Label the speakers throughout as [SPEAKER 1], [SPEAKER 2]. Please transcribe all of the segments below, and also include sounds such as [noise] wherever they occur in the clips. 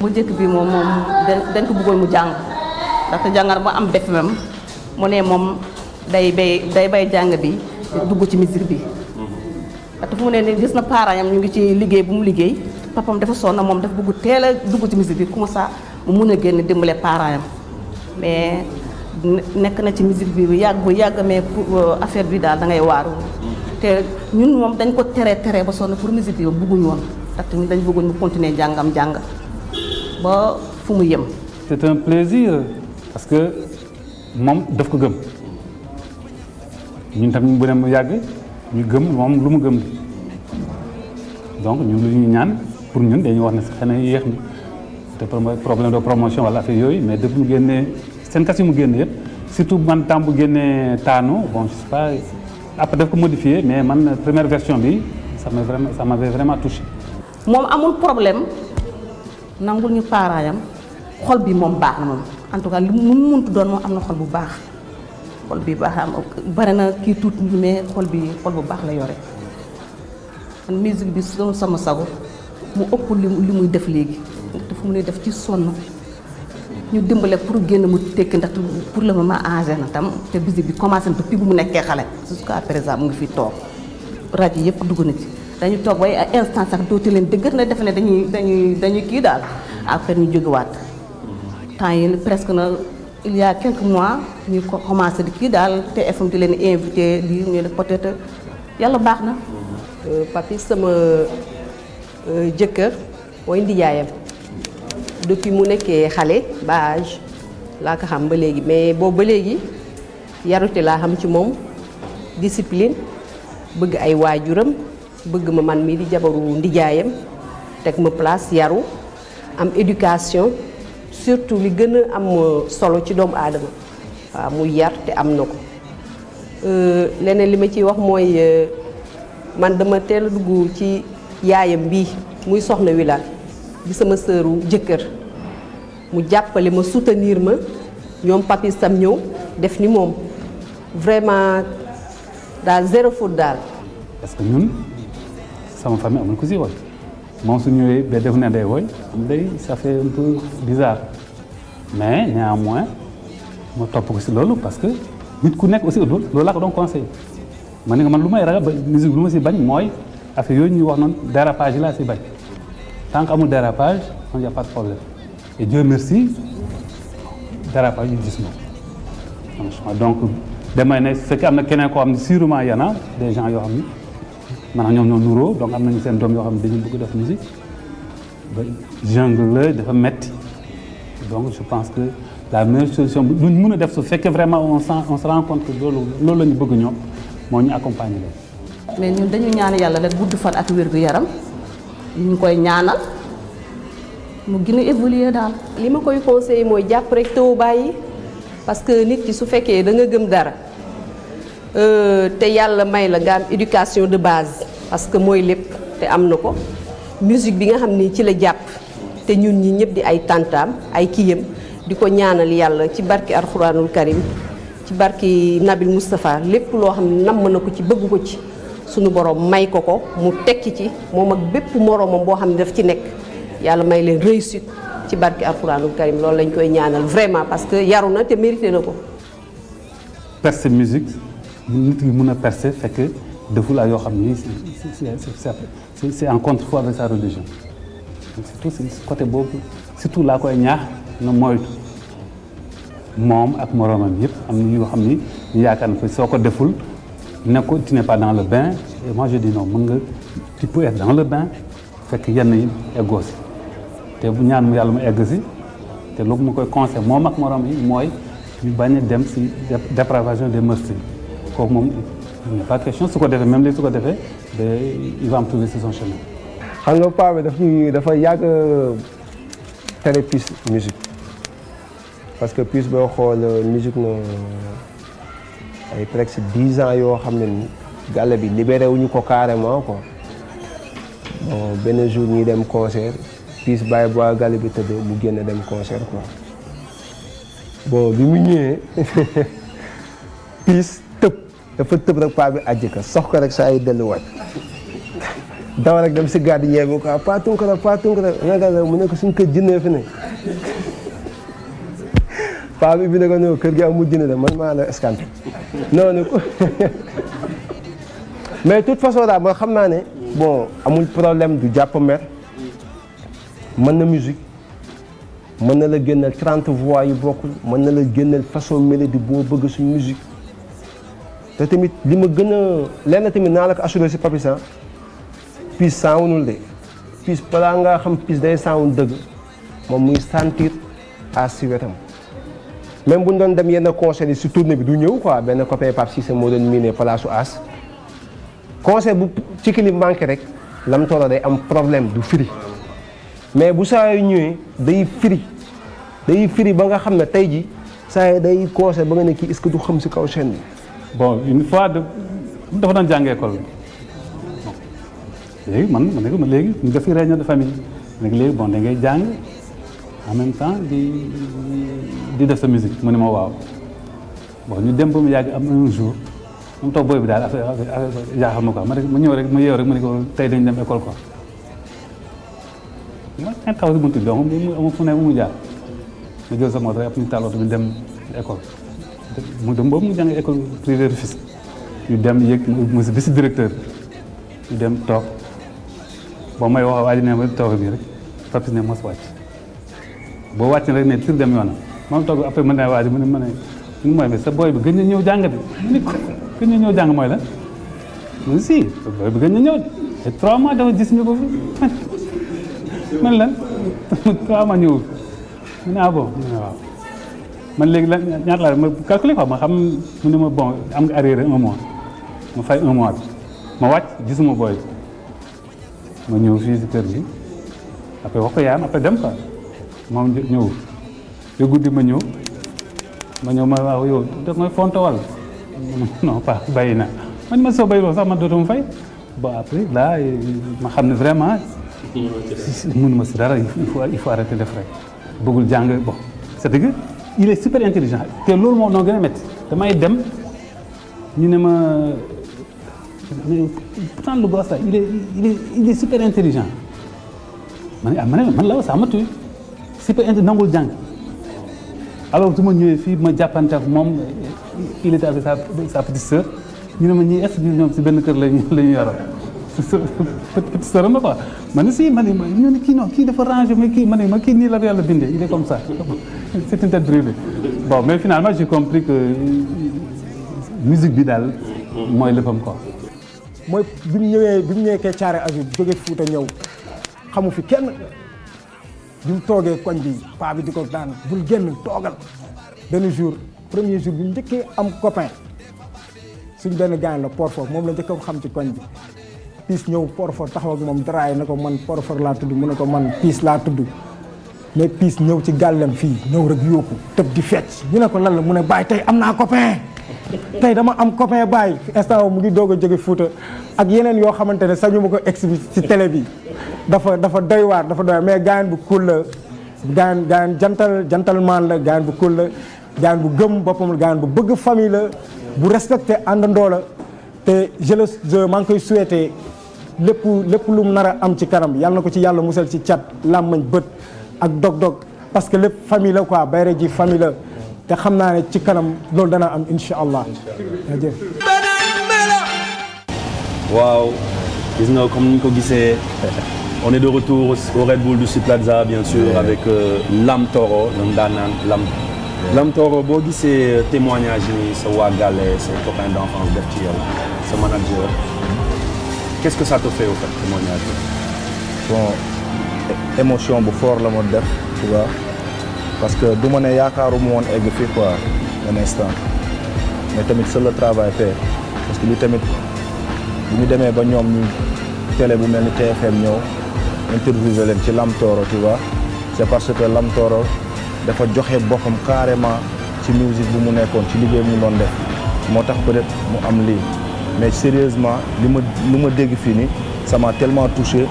[SPEAKER 1] bu njëkk bi moom moom dañ ko bëggoon mu jàng ndaxte jàngar mu am ma mu ne moom day bay day bay jàng bi dugg ci musique bi. ndaxte fu mu ne nii na parents am ñu ngi ci liggéey bu mu liggéey papam dafa sonn moom dafa bëgg teel a dugg ci musique bi comme ça mu mun a génn dimbale parents am mais nekk na ci musique bi bu yàgg bu yàgg mais pour euh, affaire bi daal da ngay waaru. te ñun moom dañ ko tere tere ba sonn pour musique bi bëgguñu woon ndaxte ñun dañ bëggoon mu continuer jàngam jàng. ba fu mu yem.
[SPEAKER 2] c'est un plaisir parce que moom daf ko gëm ñun tam bu mu yàgg ñu gëm moom lu mu gëm donc ñun lu ñu ñaan pour ñun dañuy wax ne xëy na yéex na te problème de promotion wala affaire yooyu mais daf mu génnee seen kas mu génn yëpp surtout man temps bu génnee taanu bon je sais pas après daf ko modifié mais man première version bi sama m'a sama ça m'avait vraiment touché.
[SPEAKER 1] moom amul problème. nangul ñu paaraayam xol bi moom baax na moom en tout cas lu mu muntu doon moo am na xol bu baax xol bi baax am bare na kii tuuti mais xol bi xol bu baax la yore man musique bi doon sama sago mu ëpp li li muy def léegi ndaxte fu mu ne def ci sonn ñu dimbale pour génn mu tekki ndax pour ma ma engé na tam te musique bi commencé na depuis bu mu nekkee xale jusqu'à présent mu ngi fi toog rajo yëpp dugg na ci dañu toog way ay instance sax dootu leen dëggat na defe ne dañuy dañuy dañuy kii daal après ñu jógewaat temps yi presque na il y mois ñu ko commencé di kii daal TFM di leen invité lii ñu ne peut-être yàlla baax na. Euh, papi sama euh, jëkkër mooy ndijaayam
[SPEAKER 3] depuis mu nekkee xale ba âge laa ko xam ba léegi mais boobu ba léegi yarute laa xam ci moom discipline bëgg ay waajuram. bëgg ma man mii di jabaru ndijaayam teg ma place yaru am éducation surtout li gën a am solo ci doomu aadama waaw muy yar te am na ko euh, leneen li ma ciy wax mooy euh, man dama teel a dugg ci yaayam bii muy soxna Wilane di sama sëru jëkkër mu jàppale ma soutenir ma ñoom papis tam ñëw def ni moom vraiment daal zéro faute daal.
[SPEAKER 2] parce ñun. sama famille amul ku si woy moom su ñëwee ba def na day woy am day ça fait un peu bizarre mais néanmoins ma topp ko si loolu parce que nit ku nekk aussi loolu laa ko doon conseil ma ne nga man lu may ragal ba musique lu ma si bañ mooy affaire yooyu ñuy wax noonu dérapage yi laa si bañ tant que amul dérapage man y a pas de problème et Dieu merci dérapage yu gis moom donc damay ne su am na keneen koo xam ne sûrement des gens yoo xam ni maanaam ñoom ñoo nuroo donc am nañu seen doom yoo xam ne dañu bëgg def musique ba jungle la dafa metti donc je pense que la meilleure solution bu ñu mun a def su fekkee vraiment on se on se rend compte que loolu loolu la ñu bëgg ñoom moo ñu accompagner leen.
[SPEAKER 1] mais ñun dañu ñaan yàlla rek gudd fan ak wér gu yaram ñu koy ñaanal mu gën a évoluer daal.
[SPEAKER 3] li ma koy conseiller mooy jàpp rek wu bàyyi parce que nit ki su fekkee da nga gëm dara. Euh, te yàlla may la nga am éducation de base parce que mooy lépp te am na ko musique bi nga xam ni ci la jàpp te ñun ñi ñëpp di ay tàntam ay kii kiyam di ko ñaanal yàlla ci barki alxuraanul karim ci barki Nabil Moustapha lépp loo xam ne namm na ko ci bëgg ko ci suñu borom may ko ko mu tekki ci moom ak bépp moroomam boo xam ne daf ci nekk yàlla may leen réussite ci barki alxuraanul karim loolu lañ koy ñaanal vraiment parce que yaru na te mérité na ko.
[SPEAKER 2] Perse Musique nit yi mun a percer fekk defu laa yoo xam ni c'est en contrefaux avec sa religion surtout si côté boobu surtout laa koy ñaax na moytu moom ak moroomam yëpp am na yoo xam ni ñu yaakaar na ko soo ko deful ne ko tu n'es pas dans le bain et di je dis mën nga tu peux être dans le bain fekk yenn yi eggoo si te bu ñaan mu yàlla mu egg si te loolu ma koy conseil moom ak moroom yi mooy ñu bañ a dem si dépravation des mœurs kooku moom il n'est pas question su ko defee même li su ko defee day il va en trouver sur son chemin.
[SPEAKER 4] xam nga paa dafa daf ñuy dafa yàgg euh, tere piste musique parce que piste boo xool euh, musique na ay presque dix ans yoo xam ne ni gàlle bi libéré wuñu ko carrément ko bon benn jour ñuy dem concert piste bàyyi boo gàlle bi tëdd mu génn dem concert quoi bon bi mu ñëwee [laughs] piste. dafa tëb rek paa bi àjji ko sox ko rek saa yi delluwaat daw rek dem si gàddi ñeebu ko ah, paa tunkara paa tunkara nga mu nekk ko suñ kër jinnee fi ne paa bi bi nag ko kër gi amul jinne de man maa la escanté noonu ko mais toute façon daal ba xam naa ne bon amul problème du jàpp mer mën na musique mën na la génneel 30 voix yu bokkul mën na la génneel façon mélodie boo bëgg suñ musique te tamit li ma gën a lenn tamit naa la ko assuré si Papis ah piis saawunul de piis balaa ngaa xam piis day saawun dëgg moom muy sentir à si wetam même bu ñu doon dem yenn conseil yi si tournée bi du ñëw quoi benn copain Pape Cissé moo doon miiné palaasu As conseil bu ci kilib rek lam toora day am problème du firi mais bu saa yu ñëwee day firi day firi ba nga xam ne tey ji saa yi day conseil ba nga ne kii est du xam
[SPEAKER 2] si kaw chaîne bi bon une fois de dafa daan jàng école léegi man ma ne ko léegi ñu def réunion de famille léegi léegi bon da ngay jàng en même temps di di def sa musique mu ne ma waaw bon ñu dem ba mu yàgg am un jour moom toog booy bi daal affaire jaaxal ma quoi ma ne ma ñëw rek ma yeew rek ma ne ko tey dañ dem école quoi ma ne ah, taw si buntu bi donc amul mu jaar ma jël sa moto rek après ñu taal oto dem école. mu dem boobu mu jàng école privée Rufisque ñu dem yëg mu si bisi directeur ñu dem toog boo may wax waa ji ne toog nii rek papis ne mos wàcc boo wàcc rek ne tir dem yoonam moom toog après mën naa waa ji mu ne ma ne mu mooy mais sa booy bi gën na ñëw jàng de mu ko gën na ñëw jàng mooy la mu ne si sa booy bi gën na ñëw te trois mois dafa gis ñu ko fi [laughs] man lan [laughs] trois mois ñëwul mu ah waaw man léegi la ñaata ma calculer quoi ma xam mu ne ma bon am nga arrière un mois ma fay un mois ma wàcc gisuma booy ma ñëw fii si kër gi après wax ko yaayam après dem quoi moom ñëw ba guddi ma ñëw ma ñëw ma waaw yow def may fonto wal [laughs] non pas bàyyi na man ma soo bàyyiloo sax man dootuma fay bon après là ma xam ne vraiment [laughs] mënuma si dara il faut il faut arrêter def rek bëggul jàng bo c'est dëgg il est super intelligent te loolu moom noo gën a métti damay dem ñu ne ma pourtant le gosse là il est il est il est super intelligent ma ne ah man la waa ça ma tuy super intelligent nangul jàng ma ñëwee fii ma jàppante ak moom il était avec sa sa petite sœur ñu ne ma ñii est-ce que ñoom benn kër la ñu yàlla petite sœur ma quoi ma ne si man ne ma kii kii dafa rangé kii ma ne ma kii nii la yàlla bindee il est comme ça c'est une tête brûlée bon mais finalement j'ai compris que musique bi daal mooy léppam quoi. mooy bi mu
[SPEAKER 5] ñëwee bi mu ñëwee bi Azur jóge Fuuta ñëw xamu fi kenn bi mu toogee koñ bi paa bi di ko daan bul génn toogal benn jour premier jour bi njëkkee am copain suñ benn gaañ la port foofu moom la njëkk a xam ci koñ bi. piis ñëw porfor taxaw ak moom daraay na ko man porfor laa tudd mu ne ko man piis laa tudd mais piis ñëw ci gàllem fii ñëw rek yóoku tëb di fecc ñu ne ko lan la mu ne baay tey am naa copain [laughs] tey dama am copain baay instant mu ngi doog a jóge Fuuta ak yeneen yoo xamante ne sañu ma ko exhibi ci télé bi dafa dafa doy waar dafa doy mais gaayan bu cool la gaayan gaayan jantal gentleman la gaayan bu cool la gaayan bu gëm boppam la gaayan bu bëgg famille bu respecté àndandoo te je maa ngi koy souhaité lépp lépp lu mu nar am ci kanam yàlla na ko ci yàlla musal ci cat làmmañ bët ak dog-dog parce que lépp famille la quoi bayre ji famille la te xam naa ne ci kanam loolu dana am incha allah jërëjëf
[SPEAKER 3] waaw gis
[SPEAKER 6] nga comme ni ko gisee on est de retour au Red Bull du Sea Plaza bien sûr avec euh, Lam Toro ñoom daanaan Lam Lam Toro boo gisee témoignage ni sa waa Gale sa copain d'enfance def ci yow sa manager qu'est-ce que ça te fait au bu foor la ma def tu vois parce que du ma ne yaakaaru mu woon egg fii quoi un instant mais tamit seul le travail paie parce que li tamit bu ñu demee ba ñoom ñu télé bu mel ni TFM ñëw interviewé leen ci Lam Toro tu vois c'est parce que Lam dafa joxe boppam carrément ci musique bu mu nekkoon ci liggéey mu doon def moo tax peut-être mu am lii. mais sérieusement li ma li ma dégg fii nii sama m'a tellement touché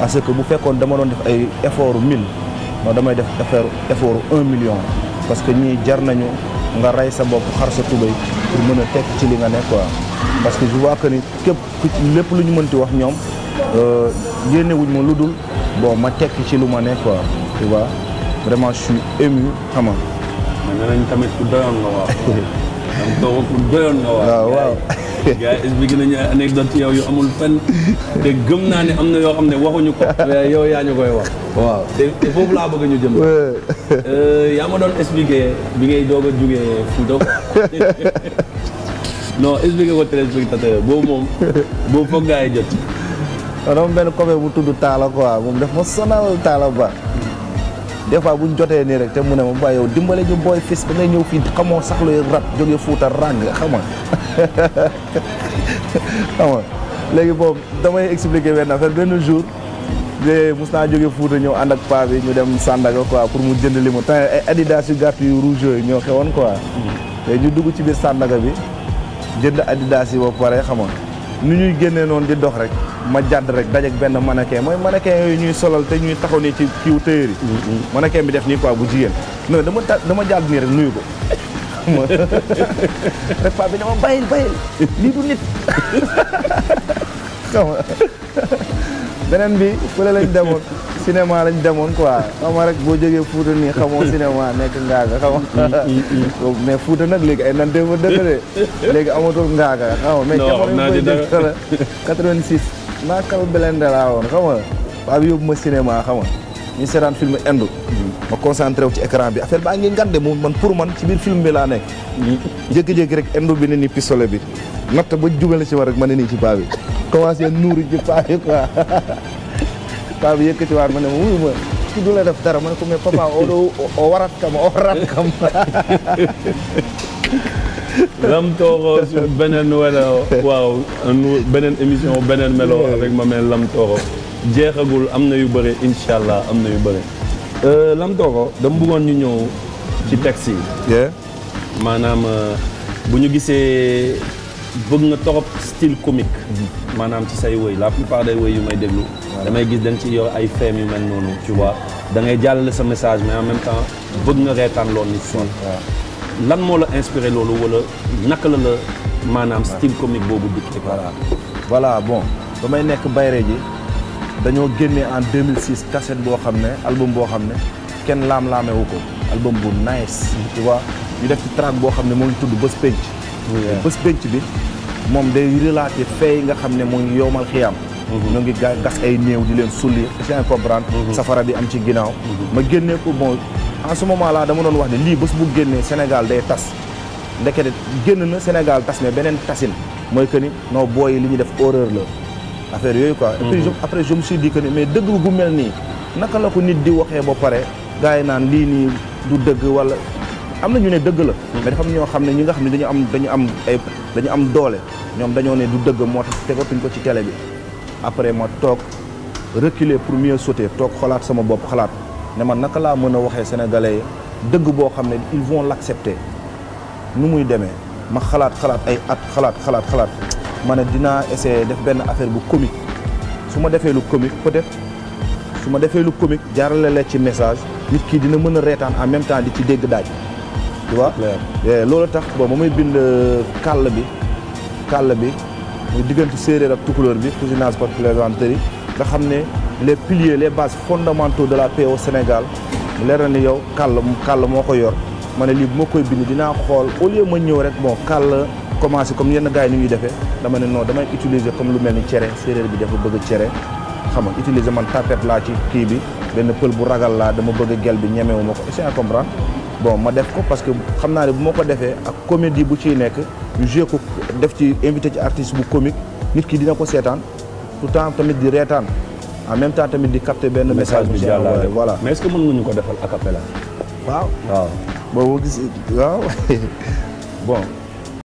[SPEAKER 6] parce que bu fekkoon dama doon def ay effort mille moo damay def effort effort un million parce que ñii jar nañu nga rey sa bopp xar sa tubéy pour mën a tekk ci li nga nekk quoi parce que je vois que ni képp lépp lu ñu mënti wax ñoom euh, yéenewuñ ma lu dul boo ma tekk ci lu ma nekk quoi tu vraiment je suis ému tamit
[SPEAKER 2] waaw. [laughs] [laughs] gars yi expliqué nañu anecdote yow yu amul fenn te gëm naa ni am na yoo xam ne waxuñu ko [laughs] yow yaa ñu koy wax waaw te foofu laa bëgg ñu jëm [laughs]
[SPEAKER 6] euh, yaa ma doon expliqué bi ngay doog a jugee Fuuta
[SPEAKER 2] non expliqué ko téléspectateur boobu moom boobu foog gars yi jot dama
[SPEAKER 6] benn copain bu tudd Talla quoi moom daf ma sonal Talla Ba des fois bu ñu jotee nii rek te mu ne ma bàyyi yow dimbale ñu booy fis da ngay ñëw fii xamoo sax luy rab jóge fuuta ràng xam nga [laughs] xam léegi boobu damay expliquer benn affaire benn jour de mos naa jóge fuuta ñëw ànd ak paa ñu dem Sandaga quoi pour mu jënd li mu temps ay adidas yu gàtt yu rouge yi ñoo xewoon quoi
[SPEAKER 2] mm.
[SPEAKER 6] léegi ñu dugg ci biir Sandaga bi jënd adidas yi ba pare xam nu ñuy génnee noonu di dox rek ma jàdd rek dajeeg benn mannequin mooy mannequin yooyu ñuy solal te ñuy taxaw nii ci kiw téyër yi mm-hmm. mannequin bi def nii quoi bu jigéen non dama dama jàdd nii rek nuyu ko rek [laughs] paa bi ne ma bàyyil bàyyil lii du nit xam [laughs] [laughs] beneen bi fële lañ demoon cinéma lañ demoon ko xam nga rek boo jógee Fuuta nii xamoo cinéma nekk ngaaga xam mm-hmm. nga mais Fuuta nag léegi ay nan défa dëkk de léegi amatul ngaaga xam nga mais jamono ñu koy def 86 naakal belende laa woon xam nga baa bi yóbbu ma cinéma xam film indu ma concentré wu ci écran bi affaire baa ngi ngande moom man pour man ci biir film bi laa nekk jékki-jékki rek indu bi ne ni pistolet bi natt ba jubale ci war rek ma ni nii ci baa bi commencé ci paa bi quoi paa bi yëkkati waat ma ne ma wuyu ma ki du la def dara ma ne ko mais papa o warat kam o warat kam Lamtoro sur beneen welo waaw beneen émission beneen melo avec Mamel Lamtoro jeexagul am na yu bëri incha allah am na yu bëri. Lamtoro euh, dama bëggoon ñu ñëw ci taxi yi. maanaam euh, bu ñu gisee bëgg nga torop style comique. Mm-hmm. maanaam ci say woy la plupart des woy yu may déglu. damay gis da nga ci yor ay feem yu mel noonu tu vois da ngay jàllale sa message mais en même temps bëgg nga reetaan lool nit si lan moo la inspiré loolu wala naka la la maanaam style comique boobu dikkee voilà voilà bon may nekk bayre ji dañoo génnee en 2006 cassette boo xam ne album boo xam ne kenn laam-laamewu ko album bu nice tu vois ñu def ci track boo xam ne moo ngi tudd bés penc bés penc bi moom day relater fee yi nga xam ne mu mhm. ngi yowmal xiyam ñu ngi gas ay néew di leen sulli c'est comprendre mhm. safara bi am ci ginnaaw mhm. ma génnee ko bon en ce moment là dama doon wax ne lii bés bu génnee Sénégal day tas ndekete génn na Sénégal tas mais beneen tasin mooy que ni non booy yi li ñuy def horreur la affaire yooyu quoi. et puis après je me suis dit mais dëgg gu mel nii naka la ko nit di waxee ba pare gars yi naan lii nii du dëgg wala am na ñu ne dëgg la. mais dafa am ñoo xam ne ñi nga xam ne dañu am dañu am dañu am doole ñoom dañoo ne du dëgg moo tax tegatuñ ko ci télé bi après ma toog reculer pour mieux toog xalaat sama bopp xalaat. ne man naka laa mën a waxee sénégalais yi dëgg boo xam ne ils vont l'accepter nu muy demee ma xalaat xalaat ay at xalaat xalaat xalaat ma ne dinaa essayer def benn affaire bu comique su ma defee lu comique peut-être su ma defee lu comique jarale la ci message nit kii dina mën a reetaan en même temps di ci dégg daaj tu vois eh, loolu tax bon ba muy bind euh, kàll bi kàll bi muy diggante séeréer ak tukulóor bi cousinage par plaisanterie nga xam ne les piliers les bases fondamentaux de la paix au Sénégal leer na ni yow kàll kàll moo ko yor ma ne lii bu ma koy bind dinaa xool au lieu ma ñëw rek moo kàll commencé comme yenn gars yi ni ñuy defee dama ne non damay utiliser comme lu mel ni cere séeréer bi dafa bëgg cere xam nga utiliser man tapette laa ci kii bi benn pël bu ragal laa dama bëgg gel bi ñemewu ma ko essayer bon ma def ko parce que xam naa ne bu ma ko defee ak comédie bu ciy nekk ñu joué ko def ci invité ci artiste bu comique nit kii dina ko seetaan tout temps tamit di reetaan en même temps tamit di capter benn message bi jàllale voilà mais est-ce que mën nga ñu ko defal a cappella waaw waaw boobu gis waaw [laughs] bon